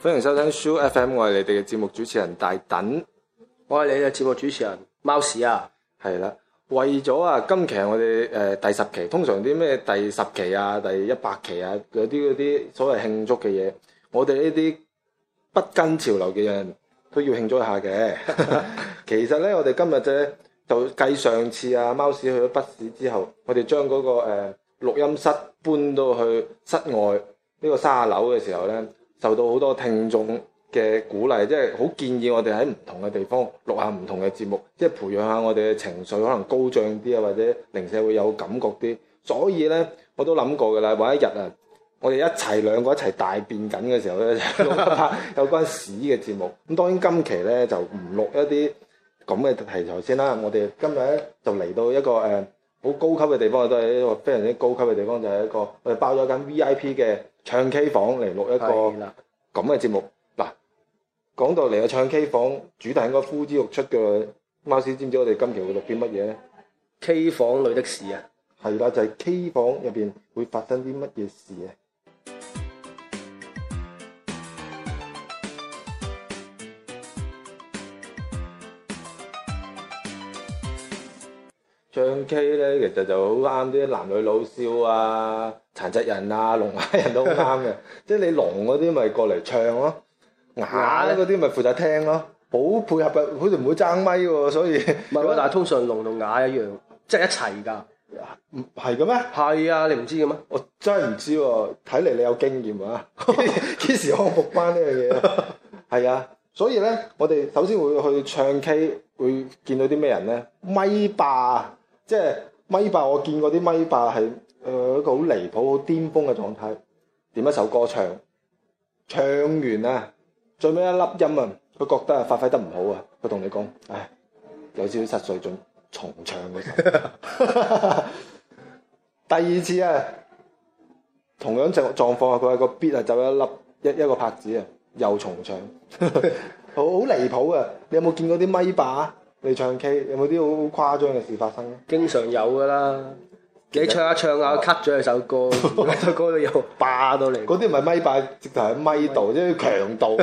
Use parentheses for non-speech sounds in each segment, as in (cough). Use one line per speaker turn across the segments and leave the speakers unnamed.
歡迎收聽 Soo FM，我係你哋嘅節目主持人大等，我係你嘅節目主持人貓屎啊。係啦，為咗啊，今期我哋誒、呃、第十期，通常啲咩第十期啊、第一百期啊，有啲嗰啲所謂慶祝嘅嘢，我哋呢啲不跟潮流嘅人都要慶祝一下嘅。 (laughs) (laughs) 其實咧，我哋今日就……就繼上次啊，貓屎去咗筆試之後，我哋將嗰個誒、呃、錄音室搬到去室外呢、呢個沙樓嘅時候咧，受到好多聽眾嘅鼓勵，即係好建議我哋喺唔同嘅地方錄下唔同嘅節目，即係培養下我哋嘅情緒，可能高漲啲啊，或者零舍會有感覺啲。所以咧，我都諗過㗎啦，揾一日啊，我哋一齊兩個一齊大便緊嘅時候咧，就錄下有關屎嘅節目。咁 (laughs) 當然今期咧就唔錄一啲，咁嘅題材先啦，我哋今日咧就嚟到一個誒好、嗯、高級嘅地方，都係一個非常之高級嘅地方，就係、是、一個我哋包咗間 V I P 嘅唱 K 房嚟錄一個咁嘅節目。嗱，講到嚟個唱 K 房主題應該呼之欲出嘅，貓屎知唔知我哋今期會錄啲乜嘢？K 房裏的事啊，係啦，就係、是、K 房入邊會發生啲乜嘢事啊！唱 K 咧，其實就好啱啲男女老少啊，殘疾人啊，聾啞人都好啱嘅。 (laughs) 即係你聾嗰啲咪過嚟唱咯，啞嗰啲咪負責聽咯、啊，好配合嘅，好似唔會爭咪喎。所以唔係 (laughs) 但係通常聾同啞一樣，即係一齊㗎，唔係嘅咩？係啊，你唔知嘅咩？我真係唔知喎，睇嚟你有經驗 (laughs) 啊！幾時康復班呢樣嘢？係啊，所以咧，我哋首先會去唱 K，會見到啲咩人咧？咪霸。即係咪霸，我見過啲咪霸係誒、呃、一個好離譜、好巔峰嘅狀態，點一首歌唱，唱完啊，最尾一粒音啊，佢覺得啊發揮得唔好啊，佢同你講，唉，有少少失水準，仲重唱嗰陣。 (laughs) 第二次啊，同樣就狀況啊，佢係個 bit 啊走一粒一一個拍子啊，又重唱， (laughs) 好好離譜啊！你有冇見過啲咪霸？你唱 K 有冇啲好誇張嘅事發生？經常有噶啦，你唱下唱下 cut 咗呢首歌，嗰 (laughs) 首歌有霸到你，嗰啲唔係咪霸，直頭係咪度，咪 (laughs) 即係強度。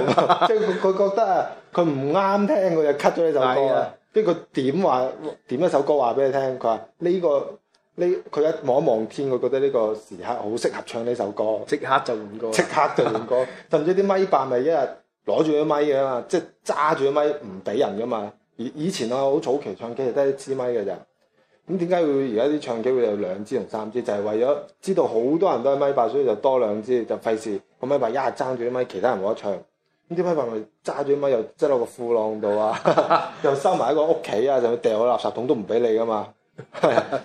即係佢覺得啊，佢唔啱聽，佢就 cut 咗呢首歌。即係佢點話點一首歌話俾你聽，佢話呢個呢，佢、呢個、一望一望天，佢覺得呢個時刻好適合唱呢首歌，即刻就換歌，即刻就換歌。 (laughs) 甚至啲咪霸咪一日攞住個咪噶嘛，即係揸住個咪唔俾人噶嘛。以以前啊，好早期唱機就得一支咪嘅咋。咁點解會而家啲唱機會有兩支同三支？就係、是、為咗知道好多人都係咪霸，所以就多兩支，就費事個咪霸一係爭住啲咪，其他人冇得唱。咁啲咪霸咪揸住啲咪又擠落個褲浪度啊，又收埋 (laughs) 一個屋企啊，甚至掉喺垃圾桶都唔俾你噶嘛。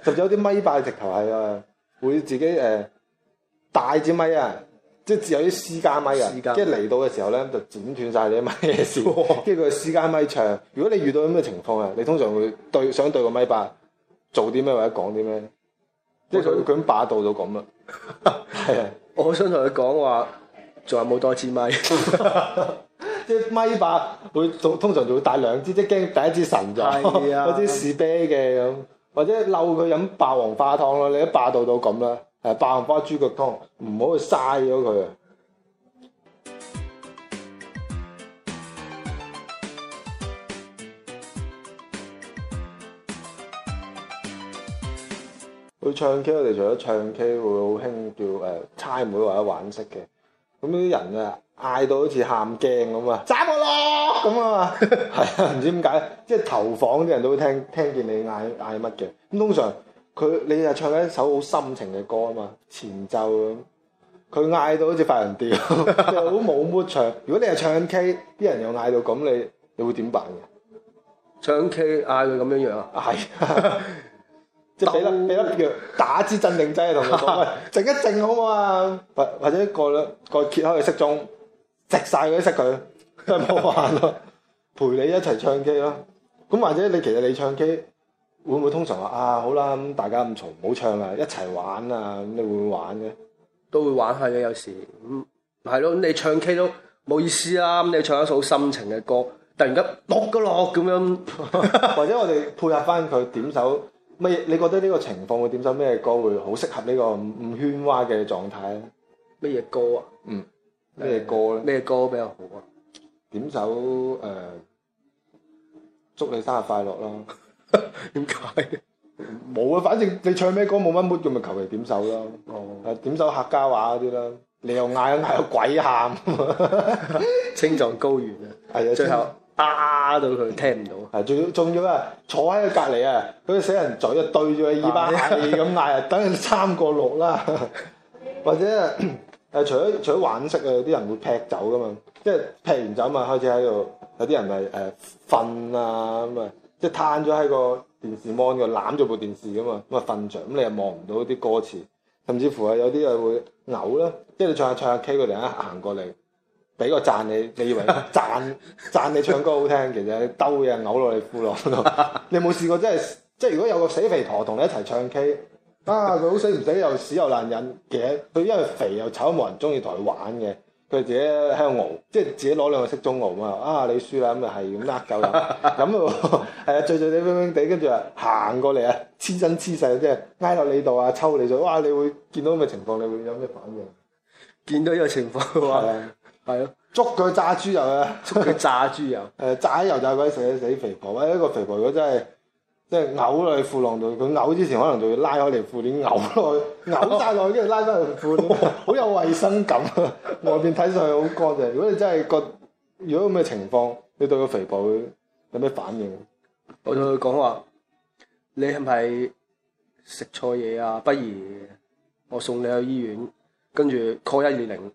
甚至有啲咪霸直頭係啊，會自己誒大支咪啊。呃即係自有啲私家咪啊！即係嚟到嘅時候咧，就剪斷晒你啲咪嘅線。跟住佢私家咪唱。如果你遇到咁嘅情況啊，你通常會對想對個咪霸做啲咩或者講啲咩？即係佢佢咁霸道到咁啦，係 (laughs) 啊！我想同佢講話，仲有冇多支咪。 (laughs) 即係咪霸會通常就會帶兩支，即係驚第一支神就咗，有支士啤嘅咁，或者嬲佢飲霸王花湯咯。你一霸道到咁啦。係八紅花豬腳湯，唔好去嘥咗佢啊！去唱 K，我哋除咗唱 K，會好興叫誒猜呃妹或者玩色嘅。咁啲人呢啊，嗌到好似喊鏡咁啊！斬我咯咁啊嘛！係啊，唔知點解，即係頭房啲人都會聽聽見你嗌嗌乜嘅。咁通常。佢你就唱一首好深情嘅歌啊嘛，前奏咁，佢嗌到好似發人吊 (laughs) 又好冇 m 唱。如果你係唱 K，啲人又嗌到咁，你你會點辦嘅？唱 K 嗌佢咁樣樣啊？係、哎， (laughs) 即係俾粒俾粒藥，打支鎮定劑同佢講，喂，靜 (laughs) 一靜好唔好啊？或或者過啦過揭開佢失中直晒嗰啲識佢，都冇玩咯、啊。 (laughs) 陪你一齊唱 K 啦。咁或者你其實你唱 K，會唔會通常話，啊，好啦，咁大家咁嘈，唔好唱啦，一齊玩啊。咁你會唔會玩嘅？都會玩下嘅，有時，嗯係咯。你唱 K 都冇意思啊。咁你唱一首心情嘅歌，突然間落個落咁樣， (laughs) 或者我哋配合翻佢點首咩？你覺得呢個情況會點首咩歌會好適合呢個唔喧嘩嘅狀態咧？咩嘢歌啊？嗯，咩嘢歌咧？咩、嗯、咩歌比較好啊？點首誒，祝你生日快樂咯！點解？冇啊，反正你唱咩歌冇乜 mute 咁咪求其點首咯。哦、oh.，點首客家話嗰啲啦。你又嗌，嗌到鬼喊，青藏高原啊！係、哎、啊，最後啊到佢聽唔到。係、哎，仲要仲要啊！坐喺佢隔籬啊，嗰啲死人嘴啊對住佢耳巴仔咁嗌，啊， (laughs) 等佢三個六啦。或者誒，除咗除咗玩式啊，有啲人會劈酒噶嘛，即係劈完酒啊，開始喺度有啲人咪誒瞓啊咁啊。即係攤咗喺個電視網度攬咗部電視㗎嘛，咁啊瞓着，咁你又望唔到啲歌詞，甚至乎係有啲又會嘔啦。即係你唱下唱下 K，個人一行過嚟，俾個讚你，你以為讚讚 (laughs) 你唱歌好聽，其實兜嘢嘔落你褲落度。你有冇試過真係？即係如果有個死肥婆同你一齊唱 K，啊佢好死唔死，死又屎又爛人。其實佢因為肥又醜，冇人中意同佢玩嘅。佢自己喺度熬，即係自己攞兩個色盅熬啊！你輸啦咁就係呃夠啦，咁啊係啊醉醉地、冰冰地，跟住啊行過嚟啊，黐身黐細即係挨落你度啊，抽你嘴，哇！你會見到咁嘅情況，你會有咩反應？見到呢個情況嘅話，係咯， (laughs) 捉佢炸豬油啊！捉佢炸豬油，誒 (laughs) 炸， (laughs) 炸油炸鬼死，死死肥婆！喂，一個肥婆如果真係～即係嘔喺褲浪度，佢嘔之前可能就要拉開條褲鏈嘔落去。嘔晒落去，跟住拉翻條褲鏈， (laughs) (laughs) 好有衞生感。 (laughs) 外邊睇上去好乾淨。如果你真係覺得，如果咁嘅情況，你對個肥婆有咩反應？我同佢講話，你係咪食錯嘢啊？不如我送你去醫院，跟住 call 一二零，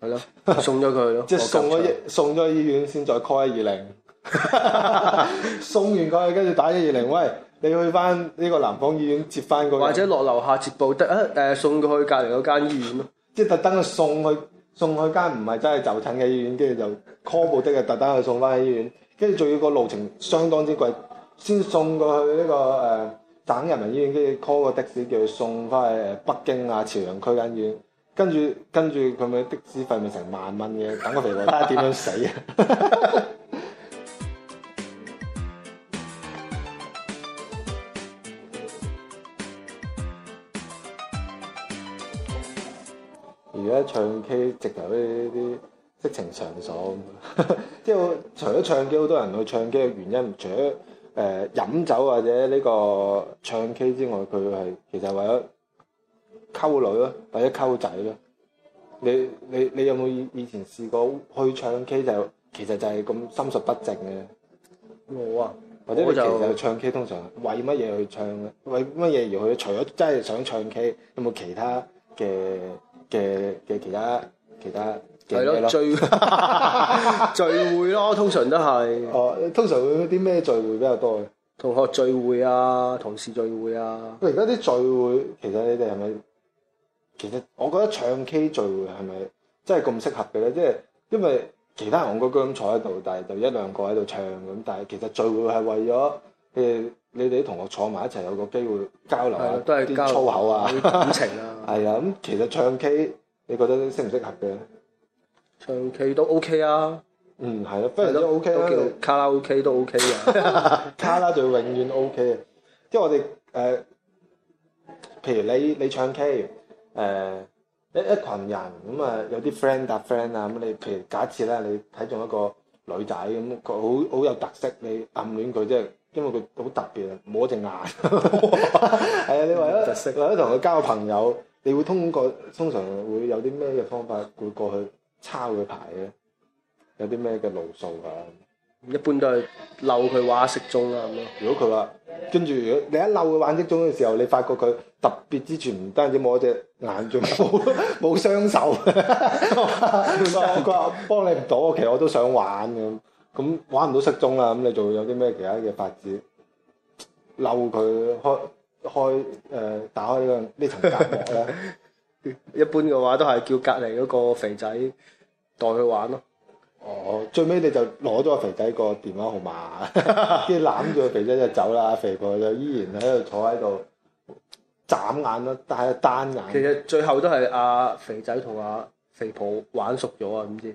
係咯，送咗佢咯。即係送咗送咗醫院先再 call 一二零。 (laughs) 送完過去，跟住打一二零。喂，你去翻呢個南方醫院接翻佢，或者落樓下接部的誒，送佢去隔鄰嗰間醫院咯。即係特登去送去送去間唔係真係就診嘅醫院，跟 (laughs) 住就 call 部的，特登去送翻去醫院。跟住仲要個路程相當之貴，先送過去呢、這個誒、呃、省人民醫院，跟住 call 個的士叫佢送翻去北京啊朝陽區間醫院。跟住跟住佢咪的士費咪成萬蚊嘅，等個肥婆睇下點樣死啊！ (laughs) (laughs) 而家唱 K 直頭呢啲色情場所咁，即 (laughs) 係除咗唱 K，好多人去唱 K 嘅原因，除咗誒飲酒或者呢個唱 K 之外，佢係其實為咗溝女咯，或者溝仔咯。你你你有冇以前試過去唱 K？就其實就係咁心術不正嘅。冇啊，或者你其實去唱 K，通常為乜嘢去唱？為乜嘢而去？除咗真係想唱 K，有冇其他嘅？嘅嘅其他其他嘅咯？聚會 (laughs) 聚會咯，通常都係。哦，通常會有啲咩聚會比較多嘅？同學聚會啊，同事聚會啊。咁而家啲聚會，其實你哋係咪？其實我覺得唱 K 聚會係咪真係咁適合嘅咧？即係因為其他人戇居居咁坐喺度，但係就一兩個喺度唱咁。但係其實聚會係為咗誒。你哋啲同學坐埋一齊，有個機會交流下啲、啊、粗口啊、感情啊。係 (laughs) 啊，咁、嗯、其實唱 K，你覺得適唔適合嘅咧？唱 K 都 OK 啊。嗯，係啦、啊，不如、OK 啊、都 OK 啦。叫卡拉 OK 都 OK 嘅、啊 (laughs) 啊，卡拉就永遠 OK 嘅、啊。 (laughs) 即係我哋誒、呃，譬如你你唱 K，誒一一群人咁啊、嗯，有啲 friend 搭 friend 啊。咁、啊嗯、你譬如假設咧，你睇中一個女仔咁，佢、嗯、好好有特色，你暗戀佢即係。因為佢好特別啊，冇一隻眼，係 (laughs) 啊！你話咧，或者同佢交個朋友，你會通過通常會有啲咩嘅方法會過去抄佢牌咧？有啲咩嘅路數啊？一般都係撩佢玩骰盅啦咁咯。如果佢話跟住你一撩佢玩骰盅嘅時候，你發覺佢特別之處唔單止冇一隻眼，仲冇冇雙手， (laughs) (laughs) (laughs) (laughs) (laughs) (laughs) 佢話幫你唔到，其實我都想玩咁。咁玩唔到失蹤啦，咁你仲會有啲咩其他嘅法子嬲佢開開、呃、打開呢、呢個呢層隔膜啦 (laughs) 一般嘅話都係叫隔籬嗰個肥仔代佢玩咯。哦，最尾你就攞咗個肥仔個電話號碼，跟住攬住個肥仔就走啦。 (laughs) 肥婆就依然喺度坐喺度眨眼，但係單眼。其實最後都係阿、啊、肥仔同阿、啊。四婆玩熟咗啊！咁知，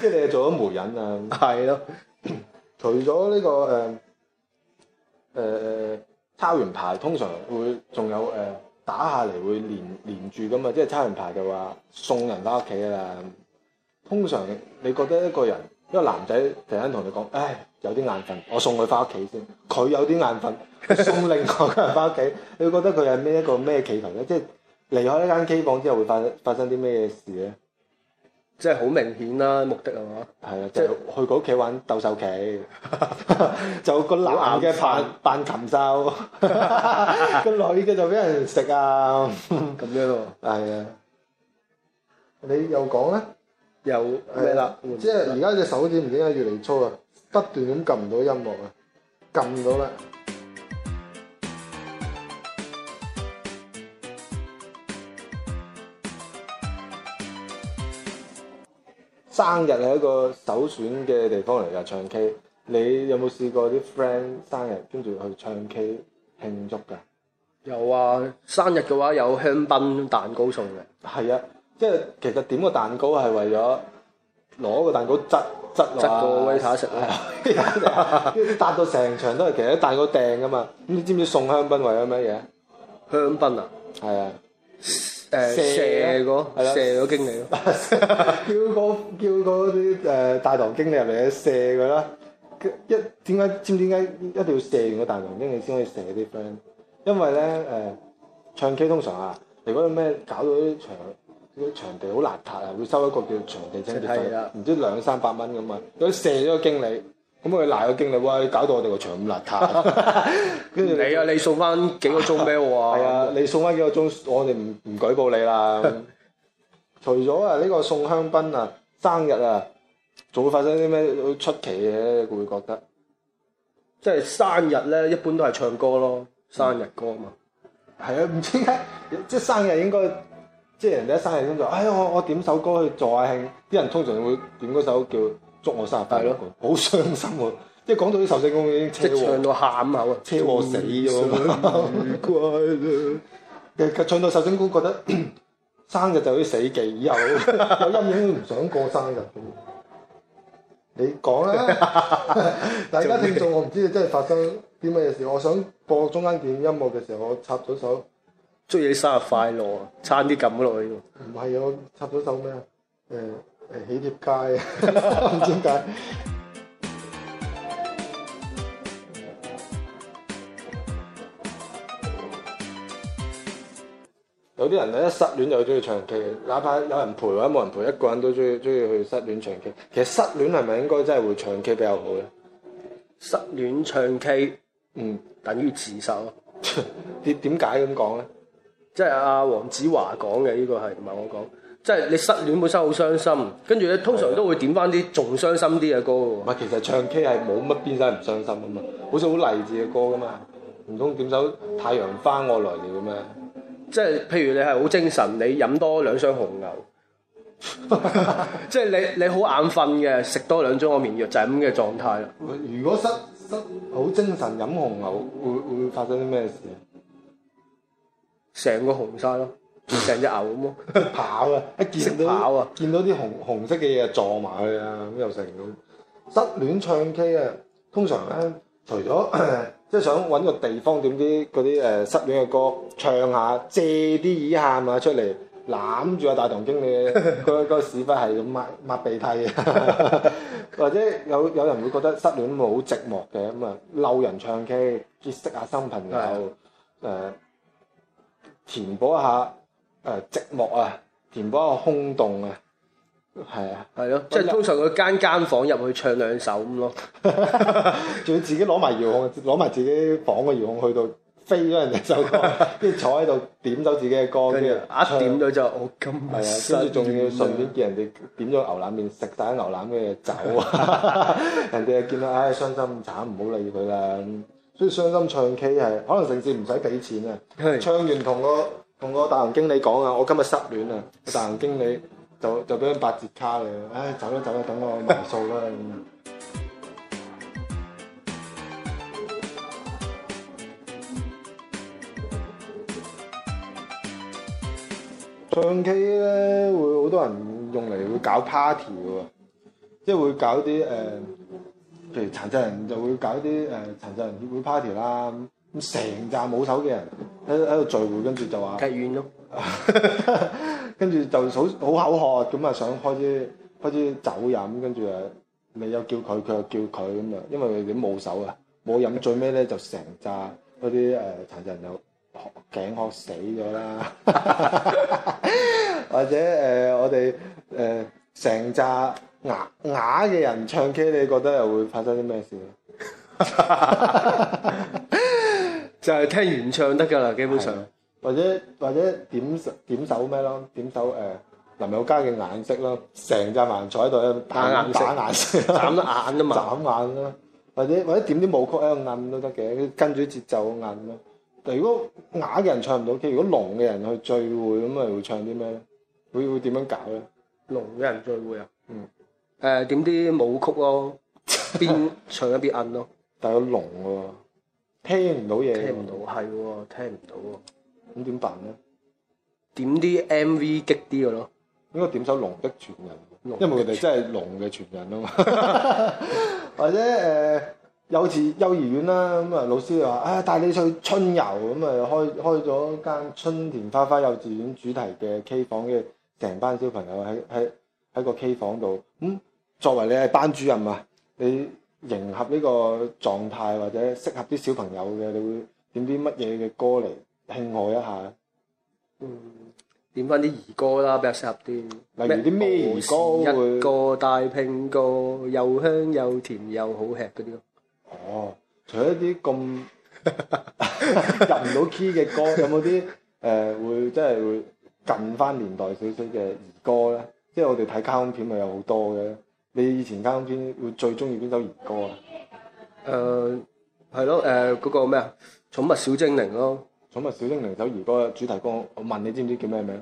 即 (laughs) 係 (laughs) 你係做咗媒人啊？係咯， (coughs) 除咗呢、這個誒誒、呃呃，抄完牌通常會仲有誒、呃、打下嚟會連連住㗎嘛，即係抄完牌就話送人翻屋企啦。通常你覺得一個人一個 (laughs) 男仔突然間同你講， (laughs) 唉，有啲眼瞓，我送佢翻屋企先。佢有啲眼瞓，送另外一個人翻屋企， (laughs) 你會覺得佢係咩一個咩企圖咧？即係。離開呢間 K 房之後會發生啲咩事咧？即係好明顯啦、啊，目的係嘛？係啊，即係去佢屋企玩鬥獸棋， (laughs) (laughs) 就個男嘅扮扮禽獸，個 (laughs) (laughs) (laughs) 女嘅就俾人食啊！咁 (laughs) 樣咯、啊，係啊，你又講咧，又咩啦、啊？即係而家隻手指唔知點解越嚟越粗啊，不斷咁撳唔到音樂啊，撳唔到啦～生日係一個首選嘅地方嚟噶，唱 K。你有冇試過啲 friend 生日跟住去唱 K 慶祝㗎？有啊，生日嘅話有香檳蛋糕送嘅。係啊，即係其實點個蛋糕係為咗攞個蛋糕質質啊，個 waiter 食啊， (laughs) 達到成場都係其實蛋糕訂㗎嘛。咁你知唔知送香檳為咗咩嘢？香檳啊，係啊。誒射個，射咗、啊啊、經理咯， (laughs) 叫個叫啲誒大堂經理入嚟去射佢啦。一點解？知唔知點解一定要射完個大堂經理先可以射啲 friend？因為咧誒，唱、呃、K 通常啊，你嗰啲咩搞到啲場啲場地好邋遢啊，會收一個叫場地清潔費，唔、啊、知兩三百蚊咁啊。嗰啲射咗個經理。咁佢嚟個經理，喂，搞到我哋個場咁邋遢。跟住你啊，你送翻幾個鐘俾我啊，係啊！你送翻幾個鐘，我哋唔唔舉報你啦。 (laughs) 除咗啊，呢個送香檳啊，生日啊，仲會發生啲咩出奇嘅？你會覺得，即係生日咧，一般都係唱歌咯，生日歌啊嘛。係、嗯、啊，唔知點解，即係生日應該，即係人哋一生日噉就，哎呀，我我點首歌去助下興，啲人通常會點嗰首叫。祝我生日快樂！好傷心喎、啊。即係講到啲壽星公已經即、就係、唱到喊口啊，車禍死咗啊！唔想 (laughs) 唱到壽星公，覺得 (coughs) 生日就好似死忌，以後有陰影都唔想過生日嘅。你講啦， (laughs) 大家聽眾，我唔知你真係發生啲乜嘢事。我想播中間段音樂嘅時候，我插咗首祝你生日快樂啊，差啲撳落去，唔係我插咗首咩？誒、呃。喜帖街啊，唔知點解。有啲人咧一失戀就中意唱 K，哪怕有人陪或者冇人陪，一個人都中意中意去失戀唱 K。其實失戀係咪應該真係會唱 K 比較好咧？失戀唱 K，嗯，等於自殺。你點解咁講咧？即係阿黃子華講嘅呢個係，同埋我講。即係你失戀本身好傷心，跟住咧通常都會點翻啲仲傷心啲嘅歌喎。唔係，其實唱 K 係冇乜變曬唔傷心啊嘛，好似好勵志嘅歌噶嘛，唔通點首《太陽返我來了》咩？即係譬如你係好精神，你飲多兩箱紅牛， (laughs) 即係你你好眼瞓嘅，食多兩樽安眠藥就係咁嘅狀態啦。如果失失好精神飲紅牛，會會發生啲咩事？成個紅晒咯～成隻牛咁咯，跑啊！一見到，見到啲紅紅色嘅嘢撞埋去啊！咁又成咁。失戀唱 K 啊，通常咧除咗即係想搵個地方點啲嗰啲誒失戀嘅歌唱下，借啲耳喊啊，出嚟攬住啊大堂經理，個個屎忽係咁抹，抹鼻涕，或者有，有人會覺得失戀好寂寞嘅咁啊，嬲人唱 K，結識下新朋友，誒，填補一下。誒、呃、寂寞啊，填波個空洞啊，係啊，係咯、啊嗯，即係通常佢間間房入去唱兩首咁咯，仲要自己攞埋遙控，攞 (laughs) 埋自己房嘅遙控去到飛咗人哋首歌，跟 (laughs) 住坐喺度點走自己嘅歌，跟住一點咗就 (laughs) 我咁，係啊，跟住仲要順便叫人哋點咗牛腩麵，食曬啲牛腩嘅走啊， (laughs) (laughs) 人哋又見到唉、哎、傷心咁慘，唔好理佢啦，所以傷心唱 K 係可能甚至唔使俾錢啊，唱完同個。同個大行經理講啊，我今日失戀啊！ (laughs) 大行經理就就俾張八折卡你，唉，走啦、啊、走啦、啊，等我埋數啦咁。唱 K 咧會好多人用嚟會搞 party 喎，即係會搞啲誒，譬如殘疾人就會搞啲誒殘疾人協會 party 啦，咁成班冇手嘅人。喺喺度聚會，跟住就話隔遠咁，跟住 (laughs) 就好好口渴，咁啊想開啲開啲酒飲，跟住啊你又叫佢，佢又叫佢咁啊，因為佢點冇手啊，冇飲最尾咧就成扎嗰啲誒殘疾人就頸渴死咗啦， (laughs) (laughs) 或者誒、呃、我哋誒成紮啞啞嘅人唱 K，你覺得又會發生啲咩事？ (laughs) 就係、是、聽原唱得㗎啦，基本上，或者或者點點首咩咯，點首誒、呃、林宥嘉嘅顏色咯，成紮顏彩喺度打眼色，眨眼，眼，眼，眼，眼，眼都嘛，眨眼咯、啊，或者或者點啲舞曲喺度按都得嘅，跟住節奏按咯。但係如果啞嘅人唱唔到，如果聾嘅人去聚會咁咪會唱啲咩咧？會會點樣搞咧？聾嘅人聚會啊？嗯，誒、呃、點啲舞曲咯，邊唱一邊按咯。 (laughs) 但係有聾喎、啊。聽唔到嘢，聽唔到係喎，聽唔到喎。咁點辦咧？點啲 MV 激啲嘅咯。應該點首龍的傳人，因為佢哋真係龍嘅傳人啊嘛。 (laughs) 或者誒、呃、幼稚幼兒園啦，咁啊老師就話啊帶你去春遊，咁啊開開咗間春田花花幼稚園主題嘅 K 房嘅，成班小朋友喺喺喺個 K 房度。咁、嗯、作為你係班主任啊，你？迎合呢個狀態或者適合啲小朋友嘅，你會點啲乜嘢嘅歌嚟慶賀一下？嗯，點翻啲兒歌啦比較適合啲，例如啲咩兒歌會？一個大蘋果又香又甜又好吃嗰啲咯。哦，除咗啲咁入唔到 key 嘅歌， (laughs) 有冇啲誒會真係會近翻年代少少嘅兒歌咧？即係我哋睇卡通片咪有好多嘅。你以前間中，會最中意邊首兒歌啊？誒，係、呃、咯，誒、那、嗰個咩啊？《寵物小精靈》咯，《寵物小精靈》首兒歌嘅主題歌，我問你，你知唔知叫咩名？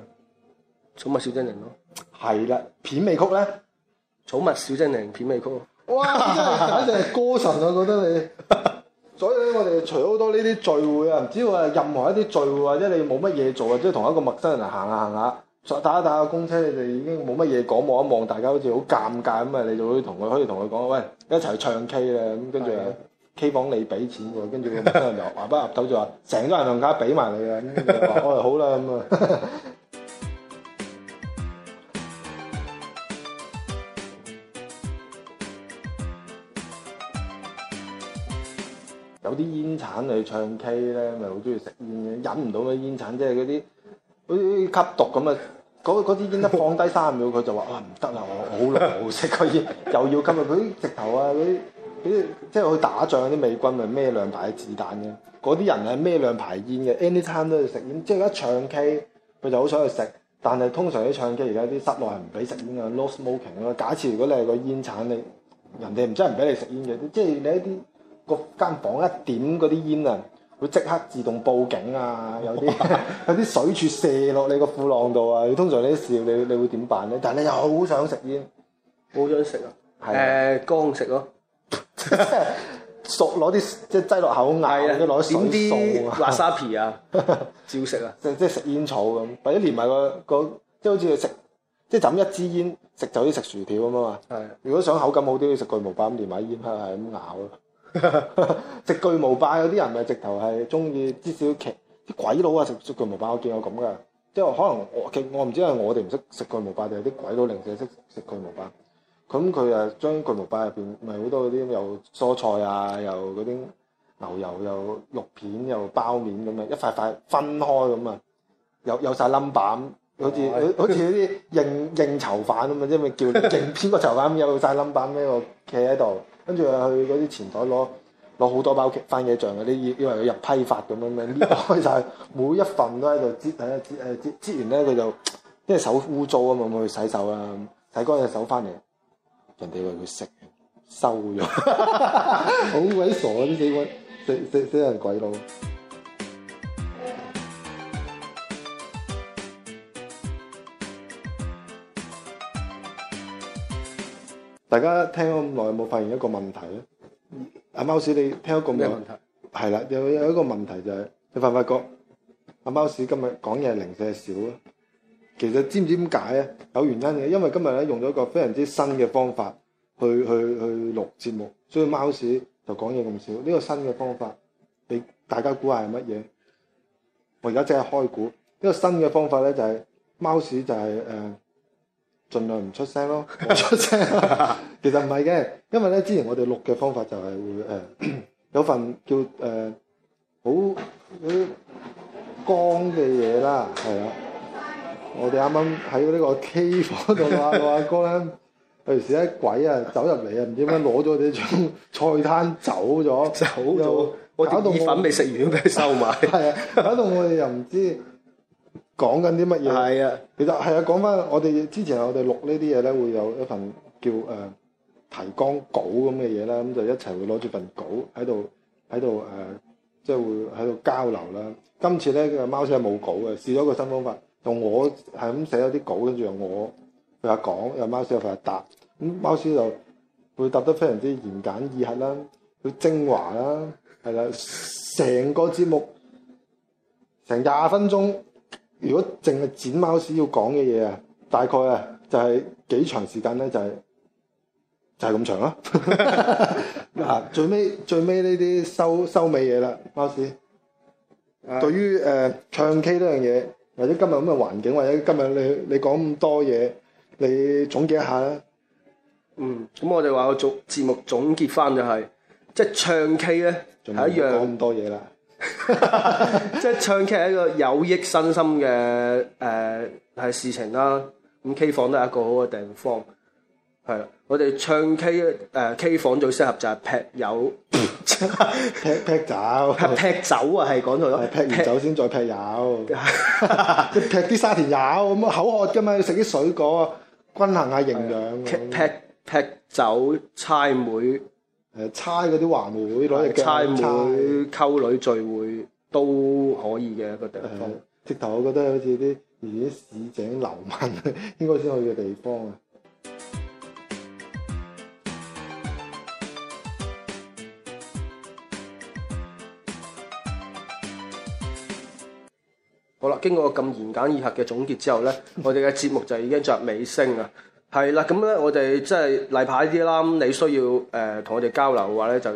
《寵物小精靈》咯。係啦，片尾曲咧，《寵物小精靈》片尾曲。哇！簡直係歌神啊！ (laughs) 我覺得你。所以咧，我哋除好多呢啲聚會啊，唔知話任何一啲聚會，或者你冇乜嘢做啊，即係同一個陌生人行下行下。再打下打下公車，你哋已經冇乜嘢講，望一望，大家好似好尷尬咁啊！你就會同佢可以同佢講：喂，一齊唱 K 啦！咁跟住 K 房你俾錢喎，跟住個陌生人就阿伯岌頭就話：成個銀行家俾埋你啊！咁就話：唉，好啦咁啊！有啲煙鏟去唱 K 咧，咪好中意食煙嘅，忍唔到嘅煙鏟，即係嗰啲。嗰啲吸毒咁啊，嗰嗰支煙一放低三秒，佢就話：啊唔得啦，我好耐冇吸過煙，又要吸啊！佢啲直頭啊，嗰啲啲即係去打仗嗰啲美軍啊，孭兩排子彈嘅，嗰啲人係孭兩排煙嘅，anytime 都要食煙。即係一唱 K，佢就好想去食。但係通常啲唱 K 而家啲室內係唔俾食煙啊。No smoking 啊。假設如果你係個煙鏟，你人哋唔真係唔俾你食煙嘅，即係你一啲個間房一點嗰啲煙啊！會即刻自動報警啊！有啲 (laughs) 有啲水柱射落你個褲浪度啊！通常呢啲事，你你會點辦咧？但係你又好想食煙，好啲食啊！誒、啊，乾食咯， (laughs) 熟攞啲即係擠落口嗌啊，你攞啲辣沙皮啊，照食啊！即即係食煙草咁，或者連埋、嗰個、嗰個即係好似食即係斬一支煙，食就似食薯條咁啊嘛！如果想口感好啲，食巨無霸咁連埋煙香係咁咬咯。食 (laughs) 巨無霸嗰啲人咪直頭係中意，至少啲啲鬼佬啊食食巨無霸，我見到咁噶，即係可能我我唔知係我哋唔識食巨無霸，定係啲鬼佬零舍識食巨無霸。咁佢啊將巨無霸入邊咪好多啲有蔬菜啊，又嗰啲牛油又肉片又包麵咁啊，一塊塊分開咁啊，有有曬冧板好似好似啲應應囚犯咁啊，即咪叫勁飆 (laughs) 個囚犯咁有曬冧板畀咩？我企喺度。跟住又去嗰啲前台攞攞好多包番茄醬嗰啲，因為佢入批發咁樣樣，搣開晒，每一份都喺度擠，等下擠誒擠，擠完咧，佢就因為手污糟啊嘛，冇去洗手啊，洗乾隻手翻嚟，人哋以為佢食收咗，好 (laughs) 鬼傻啊！啲死鬼，死死死人鬼佬。大家聽咗咁耐有冇發現一個問題咧？阿貓屎，你聽咗一個咩問題？係啦，有有一個問題就係，你發唔發覺阿貓屎今日講嘢零舍少咯？其實知唔知點解咧？有原因嘅，因為今日咧用咗一個非常之新嘅方法去去去錄節目，所以貓屎就講嘢咁少。呢個新嘅方法，你大家估下係乜嘢？我而家即係開股，呢個新嘅方法咧就係貓屎就係誒。儘量唔出聲咯，出聲 (laughs) 其實唔係嘅，因為咧之前我哋錄嘅方法就係會誒、呃、有份叫誒好啲光嘅嘢啦，係 (laughs) 啊，這我哋啱啱喺呢個 K 房度啊，我阿哥咧，譬如時啲鬼啊走入嚟啊，唔知點解攞咗啲菜攤走咗，走咗，搞到意粉未食完俾收埋，係 (laughs) 啊，搞到我哋又唔知。 (laughs) 講緊啲乜嘢？係啊，其實係啊，講翻我哋之前我哋錄呢啲嘢咧，會有一份叫、呃、提綱稿咁嘅嘢啦。咁、嗯、就一齊會攞住份稿喺度，喺度即係會喺度交流啦。今次咧，貓師係冇稿嘅，試咗個新方法，同我係咁寫咗啲稿，跟住我佢話講，有貓師又佢答咁、嗯，貓師就會答得非常之言簡意賅啦，佢精華啦，係啦、啊，成個節目成廿分鐘。如果淨係剪貓屎要講嘅嘢啊，大概啊就係幾長時間咧、就是，就係就係咁長啦、啊。 (laughs) 最尾最尾呢啲收收尾嘢啦，貓屎、啊。對於誒、呃、唱 K 呢樣嘢，或者今日咁嘅環境，或者今日你你講咁多嘢，你總結一下啦。嗯，咁我哋話我做節目總結翻就係、是，即、就、係、是、唱 K 咧係一樣講咁多嘢啦。即 (laughs) 係唱 K 係一個有益身心嘅誒係事情啦。咁 K 房都係一個好嘅地方，係啦。我哋唱 K 誒、呃、K 房最適合就係劈友， (laughs) 劈酒劈,劈酒劈酒啊，係講到，係劈完酒先再劈友。 (laughs) 劈啲沙田柚咁啊口渴噶嘛，要食啲水果均衡下營養，劈劈酒猜妹。誒差嗰啲華會攞嚟猜妹、溝女、聚會都可以嘅一個地方。呃、直頭，我覺得好似啲市井流民應該先去嘅地方啊！好啦，經過咁言簡意賅嘅總結之後咧， (laughs) 我哋嘅節目就已經着尾聲啦。係啦，咁咧我哋即係例牌啲啦。咁你需要誒同、呃、我哋交流嘅話咧，就誒、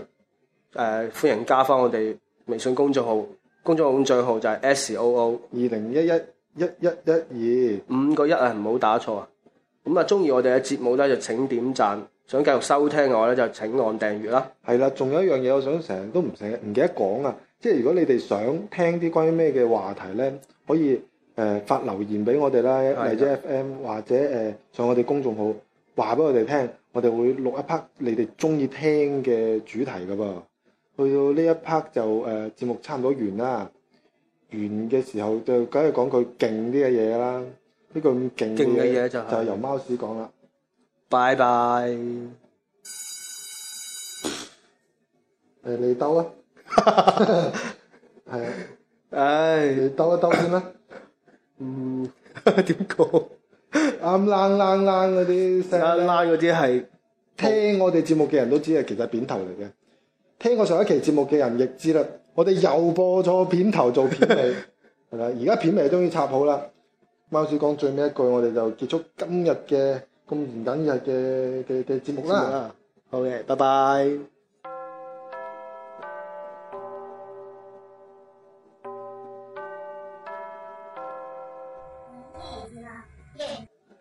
呃、歡迎加返我哋微信公眾號，公眾號帳號就係 S O O 二零一一一一一二五個一啊，唔好打錯啊。咁啊，中意我哋嘅節目咧，就請點讚。想繼續收聽嘅話咧，就請按訂閱啦。係啦，仲有一樣嘢，我想成日都唔成日唔記得講啊。即係如果你哋想聽啲關於咩嘅話題咧，可以。誒發留言俾我哋啦，嚟自 FM 或者誒上我哋公眾號，話俾我哋聽，我哋會錄一 part 你哋中意聽嘅主題噶噃。去到呢一 part 就誒節目差唔多完啦。完嘅時候就梗係講句勁啲嘅嘢啦。呢句咁勁嘅嘢就係由貓屎講啦。拜拜。誒你兜啊，係啊，唉，你兜一兜先啦。嗯，點講？啱拉拉拉嗰啲，拉拉嗰啲係聽我哋節目嘅人都知，係其實片頭嚟嘅。聽過上一期節目嘅人亦知啦，我哋又播錯片頭做片尾，係啦。而家片尾終於插好啦。貓叔講最尾一句，我哋就結束今日嘅咁嚴緊日嘅嘅嘅節目啦。好嘅，拜拜。